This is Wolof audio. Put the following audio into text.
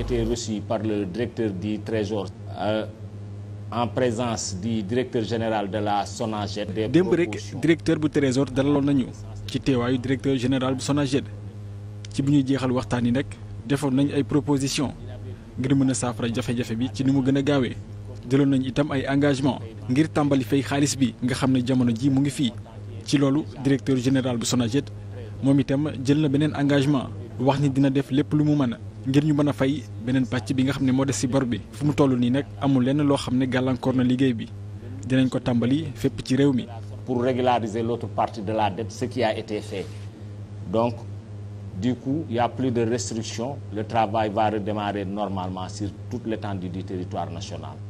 été reçu par le directeur du Trésor euh, présence du directeur général de la SONAGED. démb rek directeur bu Trésor dalaloon nañu ci teewaayu directeur général bu SONAGED ci bu ñuy jeexal waxtaan yi nag defoon nañ ay proposition ngir mën saafara jafe-jafe bi ci ni mu gën a gaawee jëloon nañ itam ay engagement ngir tàmbali fay xaalis bi nga xam ne jamono ji mu ngi fii ci loolu directeur général bu SONAGED moom itam jël na beneen engagement wax ni dina def lépp lu mu mën ngir ñu mën a fay beneen pàcc bi nga xam ne moo des ci bor bi fu mu toll nii nag amul lenn loo xam ne gàllankoor na liggéey bi dinañ ko tàmbali fépp ci réew mi. pour régulariser l'autre partie de la dette ce qui a été fait donc du coup il y a plus de restrictions le travail va redémarrer normalement sur toute l'étendue du territoire national.